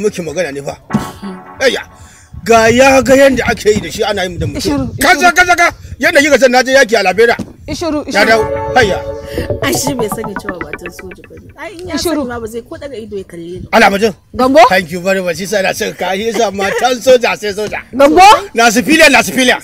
muke magana ne fa ayya ga ya ga yanda ake yi da shi ana yi da mutum kaza kaza ka yanda kika san naje yaki a labera ishuru ishuru ya dawo ayya ai shi bai sani cewa batun soja bane ai in ya sani ma ba zai ko daga ido ya kalle ni ala mutum gambo thank you very much sai na saka ka yi sa matan soja sai soja gambo na sifilia na sifilia